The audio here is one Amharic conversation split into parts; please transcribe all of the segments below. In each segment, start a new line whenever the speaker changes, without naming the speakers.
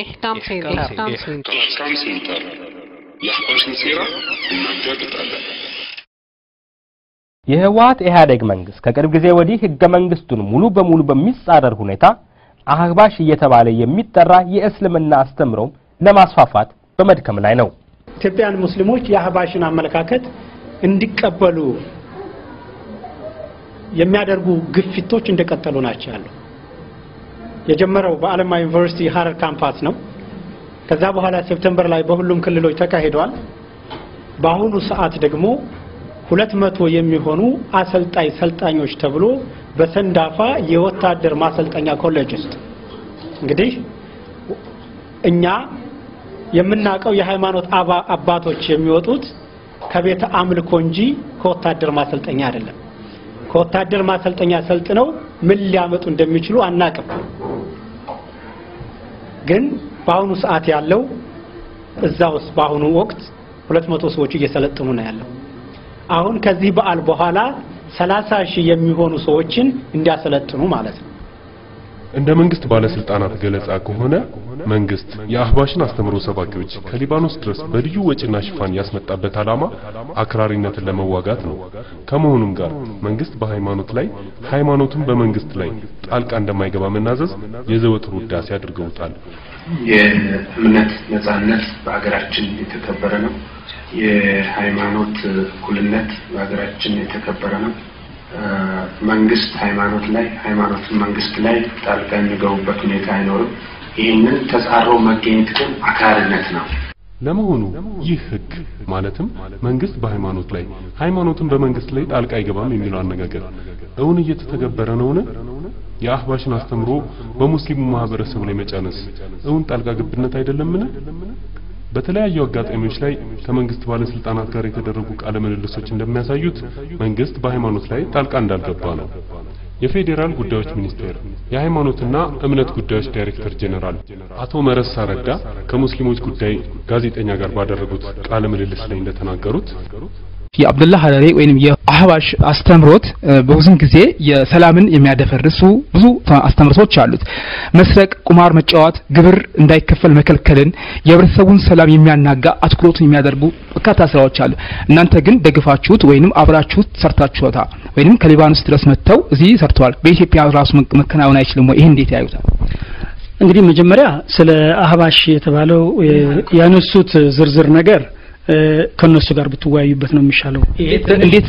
ኤህታም ሴንተር የህወሀት ኢህአዴግ መንግስት ከቅርብ ጊዜ ወዲህ ህገ መንግስቱን ሙሉ በሙሉ በሚጻረር ሁኔታ አህባሽ እየተባለ የሚጠራ የእስልምና አስተምሮ ለማስፋፋት በመድከም ላይ ነው።
ኢትዮጵያን ሙስሊሞች የአህባሽን አመለካከት እንዲቀበሉ የሚያደርጉ ግፊቶች እንደቀጠሉ ናቸው ያለው። የጀመረው በአለማ ዩኒቨርሲቲ ሀረር ካምፓስ ነው። ከዛ በኋላ ሴፕተምበር ላይ በሁሉም ክልሎች ተካሂደዋል። በአሁኑ ሰዓት ደግሞ ሁለት መቶ የሚሆኑ አሰልጣኝ ሰልጣኞች ተብሎ በሰንዳፋ የወታደር ማሰልጠኛ ኮሌጅ ውስጥ እንግዲህ እኛ የምናውቀው የሃይማኖት አባቶች የሚወጡት ከቤተ አምልኮ እንጂ ከወታደር ማሰልጠኛ አይደለም። ከወታደር ማሰልጠኛ ሰልጥነው ምን ሊያመጡ እንደሚችሉ አናቅም። ግን በአሁኑ ሰዓት ያለው እዛ ውስጥ በአሁኑ ወቅት ሁለት መቶ ሰዎች እየሰለጠኑ ነው ያለው። አሁን ከዚህ በዓል በኋላ ሰላሳ ሺህ የሚሆኑ ሰዎችን እንዲያሰለጥኑ ማለት ነው።
እንደ መንግስት ባለስልጣናት ገለጻ ከሆነ መንግስት የአህባሽን አስተምሮ ሰባኪዎች ከሊባኖስ ድረስ በልዩ ወጪና ሽፋን ያስመጣበት ዓላማ አክራሪነትን ለመዋጋት ነው። ከመሆኑም ጋር መንግስት በሃይማኖት ላይ ሃይማኖቱን በመንግስት ላይ ጣልቃ እንደማይገባ መናዘዝ የዘወትር ውዳሴ አድርገውታል።
የእምነት ነጻነት በሀገራችን የተከበረ ነው። የሃይማኖት እኩልነት በሀገራችን የተከበረ ነው። መንግስት ሃይማኖት ላይ ሃይማኖትን መንግስት ላይ ጣልቃ የሚገቡበት ሁኔታ አይኖርም። ይህንን ተጻሮ መገኘት ግን አክራሪነት ነው።
ለመሆኑ ይህ ህግ ማለትም መንግስት በሃይማኖት ላይ ሃይማኖትን በመንግስት ላይ ጣልቃ አይገባም የሚለው አነጋገር እውን እየተተገበረ ነውን? የአህባሽን አስተምሮ በሙስሊሙ ማህበረሰብ ላይ መጫነስ እውን ጣልቃ ግብነት አይደለምን? በተለያዩ አጋጣሚዎች ላይ ከመንግስት ባለስልጣናት ጋር የተደረጉ ቃለ ምልልሶች እንደሚያሳዩት መንግስት በሃይማኖት ላይ ጣልቃ እንዳልገባ ነው። የፌዴራል ጉዳዮች ሚኒስቴር የሃይማኖትና እምነት ጉዳዮች ዳይሬክተር ጄኔራል አቶ መረሳ ረዳ ከሙስሊሞች ጉዳይ ጋዜጠኛ ጋር ባደረጉት ቃለ ምልልስ ላይ እንደተናገሩት
የአብደላ ሀረሬ ወይም የአህባሽ አስተምሮት በብዙም ጊዜ የሰላምን የሚያደፈርሱ ብዙ አስተምሮቶች አሉት። መስረቅ፣ ቁማር መጫወት፣ ግብር እንዳይከፈል መከልከልን፣ የህብረተሰቡን ሰላም የሚያናጋ አትኩሮቱን የሚያደርጉ በርካታ ስራዎች አሉ። እናንተ ግን ደግፋችሁት ወይንም አብራችሁት ሰርታችሁታ ወይንም ከሊባኖስ ድረስ መጥተው እዚህ ሰርተዋል። በኢትዮጵያ ራሱ መከናወን አይችልም ወይ? ይህ እንዴት ያዩታል?
እንግዲህ መጀመሪያ ስለ አህባሽ የተባለው ያነሱት ዝርዝር ነገር ከነሱ ጋር ብትወያዩበት ነው የሚሻለው።
እንዴት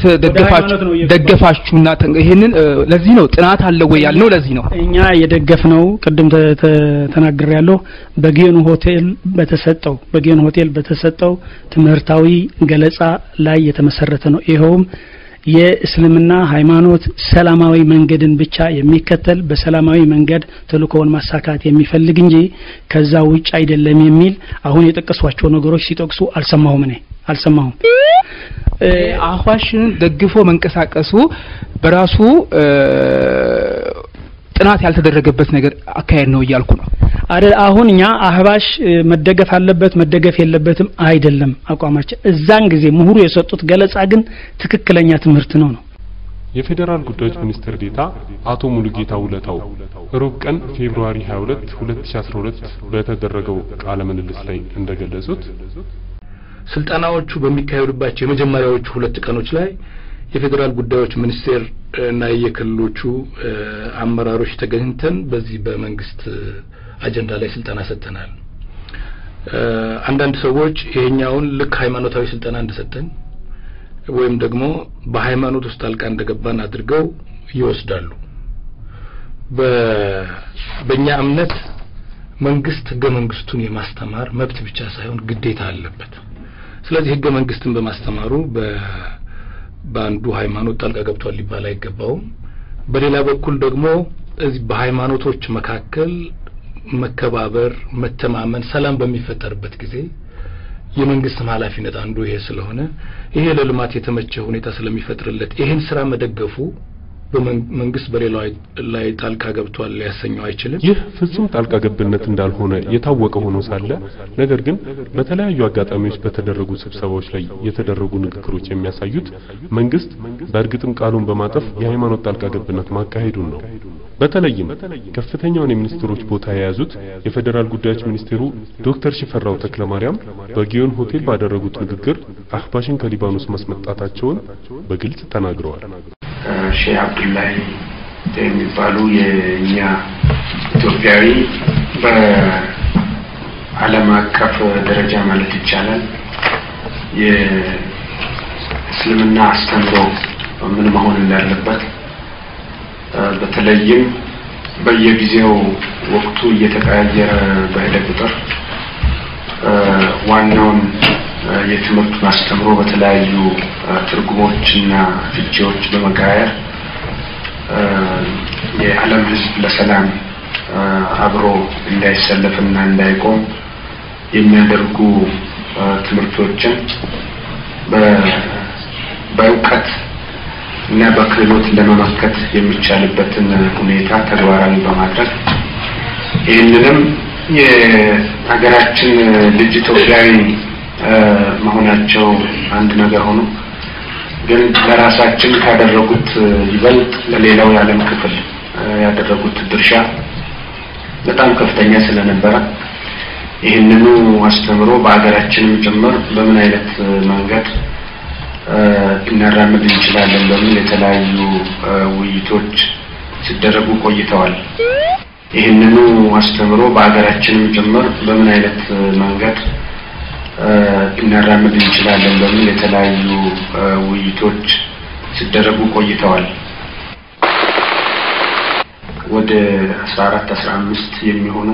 ደገፋችሁና ይሄንን ለዚህ ነው ጥናት አለ ወይ ያልነው ለዚህ ነው
እኛ የደገፍ ነው። ቅድም ተናግሬ ያለው በጊዮን ሆቴል በተሰጠው በጊዮን ሆቴል በተሰጠው ትምህርታዊ ገለጻ ላይ የተመሰረተ ነው። ይኸውም የእስልምና ሃይማኖት ሰላማዊ መንገድን ብቻ የሚከተል በሰላማዊ መንገድ ተልኮውን ማሳካት የሚፈልግ እንጂ ከዛ ውጭ አይደለም የሚል አሁን የጠቀሷቸው ነገሮች ሲጠቅሱ አልሰማሁም እኔ አልሰማሁም አህዋሽን ደግፎ መንቀሳቀሱ በራሱ ጥናት ያልተደረገበት ነገር አካሄድ ነው እያልኩ ነው አይደል? አሁን እኛ አህባሽ መደገፍ አለበት መደገፍ የለበትም አይደለም አቋማችን። እዛን ጊዜ ምሁሩ የሰጡት ገለጻ ግን ትክክለኛ ትምህርት ነው ነው።
የፌዴራል ጉዳዮች ሚኒስትር ዴታ አቶ ሙሉጌታ ውለታው ሩብ ቀን ፌብርዋሪ 22 2012 በተደረገው ቃለ ምልልስ ላይ እንደገለጹት
ስልጠናዎቹ በሚካሄዱባቸው የመጀመሪያዎቹ ሁለት ቀኖች ላይ የፌዴራል ጉዳዮች ሚኒስቴር እና የክልሎቹ አመራሮች ተገኝተን በዚህ በመንግስት አጀንዳ ላይ ስልጠና ሰጥተናል። አንዳንድ ሰዎች ይሄኛውን ልክ ሃይማኖታዊ ስልጠና እንደሰጠን ወይም ደግሞ በሃይማኖት ውስጥ ጣልቃ እንደገባን አድርገው ይወስዳሉ። በእኛ እምነት መንግስት ህገ መንግስቱን የማስተማር መብት ብቻ ሳይሆን ግዴታ አለበት። ስለዚህ ህገ መንግስትን በማስተማሩ በአንዱ ሃይማኖት ጣልቃ ገብቷል ሊባል አይገባውም። በሌላ በኩል ደግሞ እዚህ በሃይማኖቶች መካከል መከባበር፣ መተማመን፣ ሰላም በሚፈጠርበት ጊዜ የመንግስትም ኃላፊነት አንዱ ይሄ ስለሆነ ይሄ ለልማት የተመቸ ሁኔታ ስለሚፈጥርለት ይሄን ስራ መደገፉ መንግስት በሌላው ላይ ጣልቃ ገብቷል ሊያሰኘው አይችልም።
ይህ ፍጹም ጣልቃ ገብነት እንዳልሆነ የታወቀ ሆኖ ሳለ ነገር ግን በተለያዩ አጋጣሚዎች በተደረጉ ስብሰባዎች ላይ የተደረጉ ንግግሮች የሚያሳዩት መንግስት በእርግጥም ቃሉን በማጠፍ የሃይማኖት ጣልቃ ገብነት ማካሄዱን ነው። በተለይም ከፍተኛውን የሚኒስትሮች ቦታ የያዙት የፌዴራል ጉዳዮች ሚኒስቴሩ ዶክተር ሽፈራው ተክለማርያም በጊዮን ሆቴል ባደረጉት ንግግር አህባሽን ከሊባኖስ ማስመጣታቸውን በግልጽ ተናግረዋል።
ሼህ አብዱላሂ የሚባሉ የእኛ ኢትዮጵያዊ በዓለም አቀፍ ደረጃ ማለት ይቻላል የእስልምና አስተምሮ ምን መሆን እንዳለበት በተለይም በየጊዜው ወቅቱ እየተቀያየረ በሄደ ቁጥር ዋናውን የትምህርቱን አስተምሮ በተለያዩ ትርጉሞችና ፍቼዎች በመቀያየር የዓለም ሕዝብ ለሰላም አብሮ እንዳይሰለፍና እንዳይቆም የሚያደርጉ ትምህርቶችን በእውቀት እና በክህሎት ለመመከት የሚቻልበትን ሁኔታ ተግባራዊ በማድረግ ይህንንም የሀገራችን ልጅ ኢትዮጵያዊ መሆናቸው አንድ ነገር ሆኖ ግን ለራሳችን ካደረጉት ይበልጥ ለሌላው የዓለም ክፍል ያደረጉት ድርሻ በጣም ከፍተኛ ስለነበረ ይህንኑ አስተምሮ በሀገራችንም ጭምር በምን አይነት መንገድ እናራምድ እንችላለን በሚል የተለያዩ ውይይቶች ሲደረጉ ቆይተዋል። ይህንኑ አስተምሮ በሀገራችንም ጭምር በምን አይነት መንገድ ልናራምድ እንችላለን በሚል የተለያዩ ውይይቶች ሲደረጉ ቆይተዋል። ወደ አስራ አራት አስራ አምስት የሚሆኑ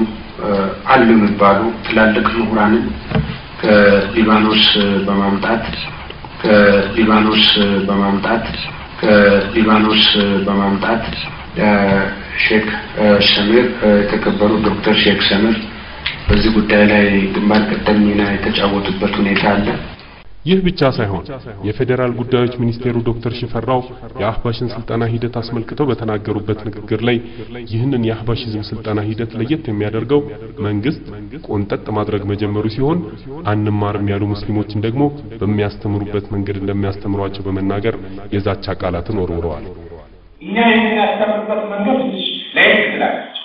አሉ የሚባሉ ትላልቅ ምሁራንን ከሊባኖስ በማምጣት ከሊባኖስ በማምጣት ከሊባኖስ በማምጣት ሼክ ሰምር የተከበሩ ዶክተር ሼክ ሰምር በዚህ ጉዳይ ላይ ግንባር ቀደም ሚና የተጫወቱበት ሁኔታ አለ።
ይህ ብቻ ሳይሆን የፌዴራል ጉዳዮች ሚኒስቴሩ ዶክተር ሽፈራው የአህባሽን ስልጠና ሂደት አስመልክተው በተናገሩበት ንግግር ላይ ይህንን የአህባሽዝም ስልጠና ሂደት ለየት የሚያደርገው መንግስት ቆንጠጥ ማድረግ መጀመሩ ሲሆን አንማርም ያሉ ሙስሊሞችን ደግሞ በሚያስተምሩበት መንገድ እንደሚያስተምሯቸው በመናገር የዛቻ ቃላትን ወርውረዋል። እኛ የምናስተምርበት መንገድ ትንሽ ላይ ትላላቸው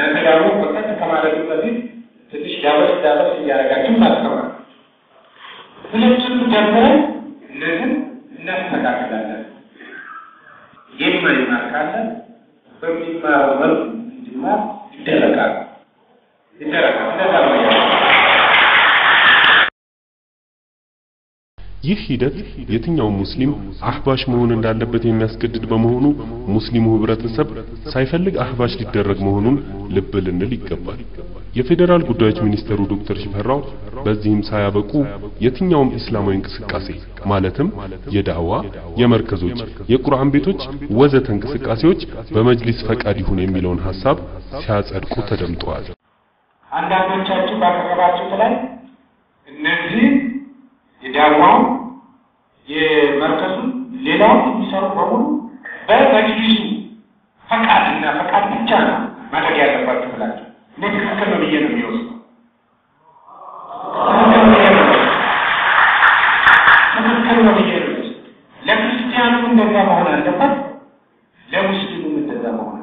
እናንተ ደግሞ ቁጠት ከማለቱ በፊት ትንሽ ዳበስ ዳበስ እያደረጋችሁ ማስተማር። ሁለቱም ደግሞ እነዚህም እናስተካክላለን። የማይማር ይማር ካለ በሚማረው መልኩ እንዲማር ይደረጋል ይደረጋል። ይህ ሂደት የትኛው ሙስሊም አህባሽ መሆን እንዳለበት የሚያስገድድ በመሆኑ ሙስሊሙ ህብረተሰብ ሳይፈልግ አህባሽ ሊደረግ መሆኑን ልብ ልንል ይገባል። የፌዴራል ጉዳዮች ሚኒስትሩ ዶክተር ሽፈራው በዚህም ሳያበቁ የትኛውም እስላማዊ እንቅስቃሴ ማለትም የዳዋ፣ የመርከዞች፣ የቁርአን ቤቶች ወዘተ እንቅስቃሴዎች በመጅሊስ ፈቃድ ይሁን የሚለውን ሀሳብ ሲያጸድቁ ተደምጠዋል።
አንዳንዶቻችሁ ባቀረባችሁት ላይ እነዚህ የዲያቆኑም የመርከሱም ሌላውን የሚሰሩ በሙሉ በመጅሊሱ ፈቃድ እና ፈቃድ ብቻ ነው ማድረግ ያለባችሁ ብላችሁ እኔ ትክክል ነው ብዬ ነው የሚወስደው። ትክክል ነው ብዬ ነው የሚወስደው። ለክርስቲያኑ እንደዛ መሆን አለበት፣ ለሙስሊሙም እንደዛ መሆን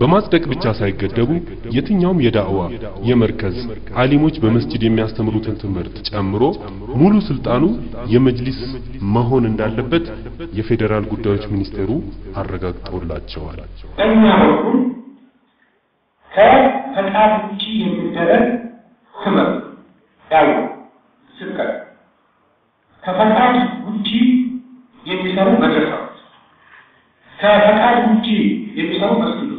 በማጽደቅ ብቻ ሳይገደቡ የትኛውም የዳዕዋ የመርከዝ ዓሊሞች በመስጂድ የሚያስተምሩትን ትምህርት ጨምሮ ሙሉ ስልጣኑ የመጅሊስ መሆን እንዳለበት የፌዴራል ጉዳዮች ሚኒስቴሩ አረጋግጦላቸዋል።
በእኛ ከፈቃድ ውጪ የሚደረግ ትምህርት ዳዕዋ፣ ስብከት ከፈቃድ ውጪ የሚሰሩ መድረሳዎች ከፈቃድ ውጪ የሚሰሩ መስጊዶች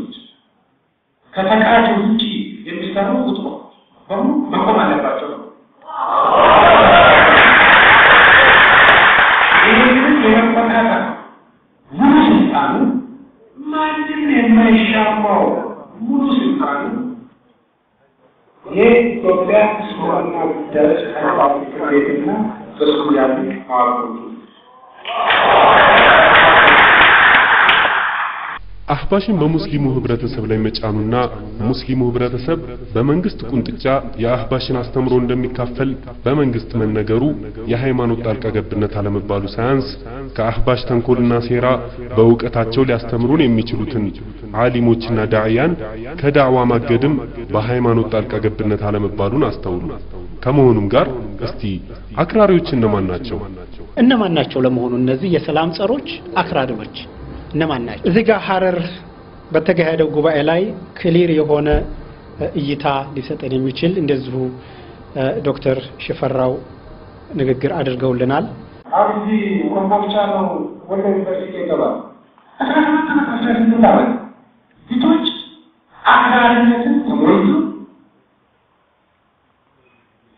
ከፈቃድ ውጭ የሚሰሩ ውጥሮ በሙሉ መቆም አለባቸው ነው። ይህንን የመቆጣጠር ሙሉ ስልጣኑ ማንም የማይሻማው ሙሉ ስልጣኑ የኢትዮጵያ እስልምና ጉዳዮች ጠቅላይ ምክር ቤትና እሱ ያሉ አዋቆቹ
አህባሽን በሙስሊሙ ህብረተሰብ ላይ መጫኑና ሙስሊሙ ህብረተሰብ በመንግስት ቁንጥጫ የአህባሽን አስተምሮ እንደሚካፈል በመንግስት መነገሩ የሃይማኖት ጣልቃ ገብነት አለመባሉ ሳያንስ ከአህባሽ ተንኮልና ሴራ በእውቀታቸው ሊያስተምሩን የሚችሉትን ዓሊሞችና ዳዕያን ከዳዕዋ ማገድም በሃይማኖት ጣልቃ ገብነት አለመባሉን አስተውሉ። ከመሆኑም ጋር እስቲ አክራሪዎች እነማን ናቸው?
እነማን ናቸው ለመሆኑ እነዚህ የሰላም ጸሮች አክራሪዎች? እነማን ናቸው? እዚህ ጋር ሀረር በተካሄደው ጉባኤ ላይ ክሊር የሆነ እይታ ሊሰጠን የሚችል እንደዚሁ ዶክተር ሽፈራው ንግግር አድርገውልናል።
አብዚ ኮምቦልቻ ነው ወደ ዩኒቨርሲቲ የገባው ሴቶች አክራሪነትን ተሞሉ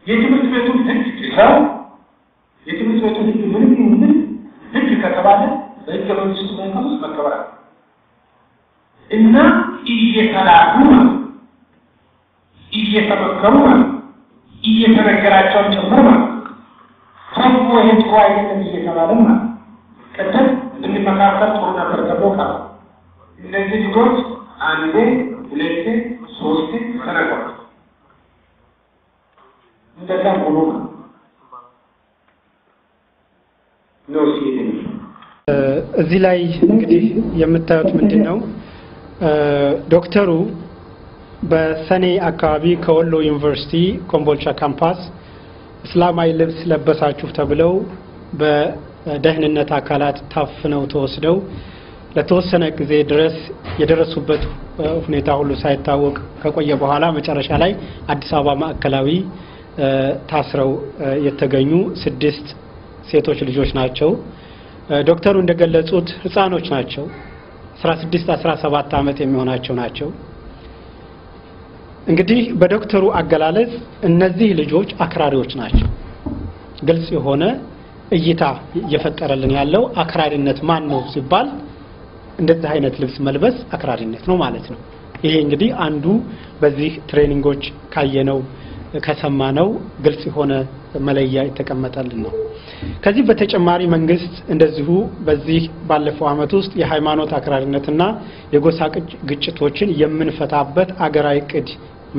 የትምህርት ቤቱን ህግ ጥሰው የትምህርት ቤቱን ህግ ምንም ይሁን ህግ ከተባለ በህገ መንግስቱ መንፈስ መከበር እና እየተላሉ እየተመከሩ እየተነገራቸውን ጭምር ነው። ህዝቡ ይህ ጥሩ አይደለም እየተባለም ነው። ቅድም እንድንመካከል ጥሩ ነበር ተብሎ ቃል እነዚህ ልጆች አንዴ ሁለቴ ሶስቴ ተነገ
እዚህ ላይ እንግዲህ የምታዩት ምንድን ነው ዶክተሩ በሰኔ አካባቢ ከወሎ ዩኒቨርሲቲ ኮምቦልቻ ካምፓስ እስላማዊ ልብስ ለበሳችሁ ተብለው በደህንነት አካላት ታፍነው ተወስደው ለተወሰነ ጊዜ ድረስ የደረሱበት ሁኔታ ሁሉ ሳይታወቅ ከቆየ በኋላ መጨረሻ ላይ አዲስ አበባ ማዕከላዊ ታስረው የተገኙ ስድስት ሴቶች ልጆች ናቸው። ዶክተሩ እንደገለጹት ህፃኖች ናቸው። 16 17 ዓመት የሚሆናቸው ናቸው። እንግዲህ በዶክተሩ አገላለጽ እነዚህ ልጆች አክራሪዎች ናቸው። ግልጽ የሆነ እይታ እየፈጠረልን ያለው አክራሪነት ማን ነው ሲባል እንደዚህ አይነት ልብስ መልበስ አክራሪነት ነው ማለት ነው። ይሄ እንግዲህ አንዱ በዚህ ትሬኒንጎች ካየነው ከሰማነው ግልጽ የሆነ መለያ የተቀመጠልን ነው። ከዚህ በተጨማሪ መንግስት እንደዚሁ በዚህ ባለፈው ዓመት ውስጥ የሃይማኖት አክራሪነትና የጎሳ ግጭቶችን የምንፈታበት አገራዊ ቅድ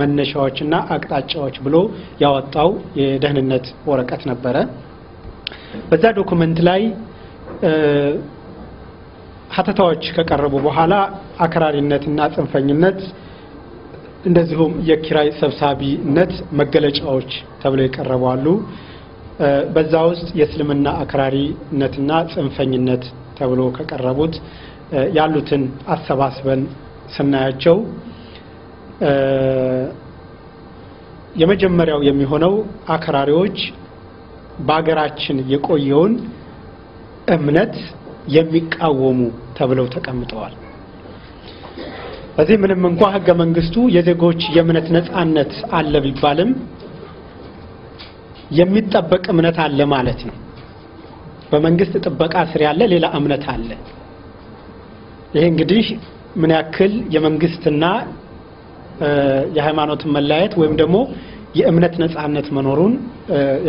መነሻዎችና አቅጣጫዎች ብሎ ያወጣው የደህንነት ወረቀት ነበረ። በዛ ዶኩመንት ላይ ሀተታዎች ከቀረቡ በኋላ አክራሪነትና ጽንፈኝነት እንደዚሁም የኪራይ ሰብሳቢነት መገለጫዎች ተብለው ይቀረባሉ። በዛ ውስጥ የእስልምና አክራሪነትና ጽንፈኝነት ተብሎ ከቀረቡት ያሉትን አሰባስበን ስናያቸው የመጀመሪያው የሚሆነው አክራሪዎች በሀገራችን የቆየውን እምነት የሚቃወሙ ተብለው ተቀምጠዋል። በዚህ ምንም እንኳ ህገ መንግስቱ የዜጎች የእምነት ነጻነት አለ ቢባልም የሚጠበቅ እምነት አለ ማለት ነው። በመንግስት ጥበቃ ስር ያለ ሌላ እምነት አለ። ይሄ እንግዲህ ምን ያክል የመንግስትና የሃይማኖትን መለያየት ወይም ደግሞ የእምነት ነጻነት መኖሩን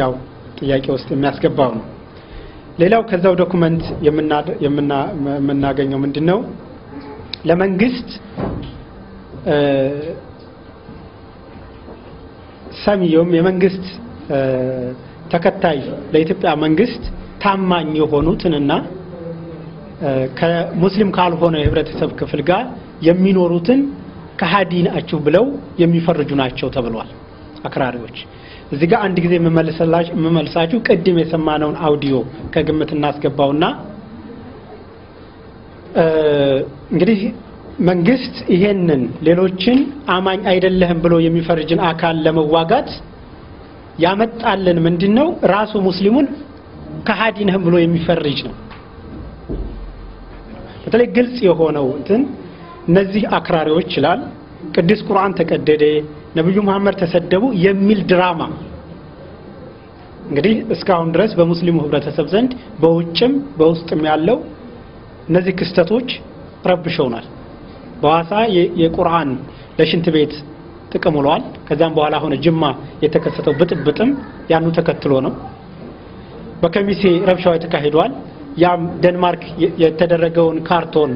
ያው ጥያቄ ውስጥ የሚያስገባው ነው። ሌላው ከዛው ዶኩመንት የምናገኘው ምንድን ነው? ለመንግስት ሰሚየውም የመንግስት ተከታይ ለኢትዮጵያ መንግስት ታማኝ የሆኑትንና ከሙስሊም ካልሆነ የህብረተሰብ ክፍል ጋር የሚኖሩትን ከሃዲ ናችሁ ብለው የሚፈርጁ ናቸው ተብሏል። አክራሪዎች እዚህ ጋር አንድ ጊዜ የምመልሳችሁ ቅድም የሰማነውን አውዲዮ ከግምት እናስገባውና እንግዲህ መንግስት ይሄንን ሌሎችን አማኝ አይደለህም ብሎ የሚፈርጅን አካል ለመዋጋት ያመጣልን ምንድን ነው? ራሱ ሙስሊሙን ከሃዲ ነህም ብሎ የሚፈርጅ ነው። በተለይ ግልጽ የሆነው እንትን እነዚህ አክራሪዎች ይላል ቅዱስ ቁርአን ተቀደደ፣ ነብዩ መሐመድ ተሰደቡ የሚል ድራማ እንግዲህ እስካሁን ድረስ በሙስሊሙ ህብረተሰብ ዘንድ በውጭም በውስጥም ያለው እነዚህ ክስተቶች ረብሸውናል። በዋሳ የቁርአን ለሽንት ቤት ጥቅም ውሏል። ከዛም በኋላ ሆነ ጅማ የተከሰተው ብጥብጥም ያኑ ተከትሎ ነው። በከሚሴ ረብሻው ተካሂዷል። ያም ደንማርክ የተደረገውን ካርቶን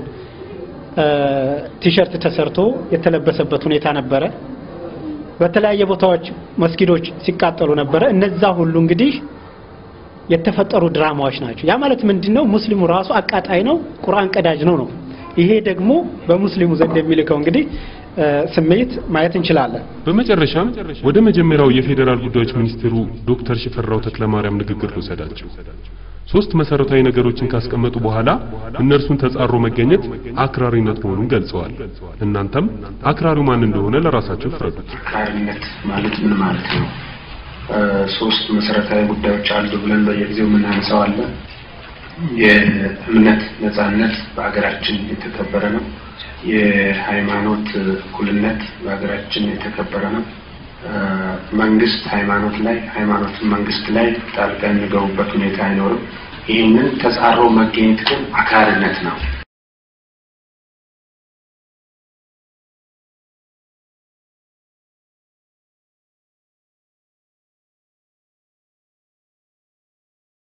ቲሸርት ተሰርቶ የተለበሰበት ሁኔታ ነበረ። በተለያየ ቦታዎች መስጊዶች ሲቃጠሉ ነበረ። እነዛ ሁሉ እንግዲህ የተፈጠሩ ድራማዎች ናቸው። ያ ማለት ምንድነው? ሙስሊሙ ራሱ አቃጣይ ነው፣ ቁርአን ቀዳጅ ነው ነው ይሄ ደግሞ በሙስሊሙ ዘንድ የሚልከው እንግዲህ ስሜት ማየት እንችላለን።
በመጨረሻም ወደ መጀመሪያው የፌዴራል ጉዳዮች ሚኒስትሩ ዶክተር ሽፈራው ተክለማርያም ንግግር ልውሰዳቸው። ሶስት መሰረታዊ ነገሮችን ካስቀመጡ በኋላ እነርሱን ተጻሮ መገኘት አክራሪነት መሆኑን ገልጸዋል። እናንተም አክራሪው ማን እንደሆነ ለራሳቸው ፍረዱት።
አክራሪነት ማለት ምን ማለት ነው? ሶስት መሰረታዊ ጉዳዮች አሉ ብለን በየጊዜው የምናነሳው አለ። የእምነት ነጻነት በሀገራችን የተከበረ ነው። የሃይማኖት እኩልነት በሀገራችን የተከበረ ነው። መንግስት ሃይማኖት ላይ ሃይማኖት መንግስት ላይ ጣልቃ የሚገቡበት ሁኔታ አይኖርም። ይህንን ተጻሮ መገኘት ግን አክራሪነት ነው።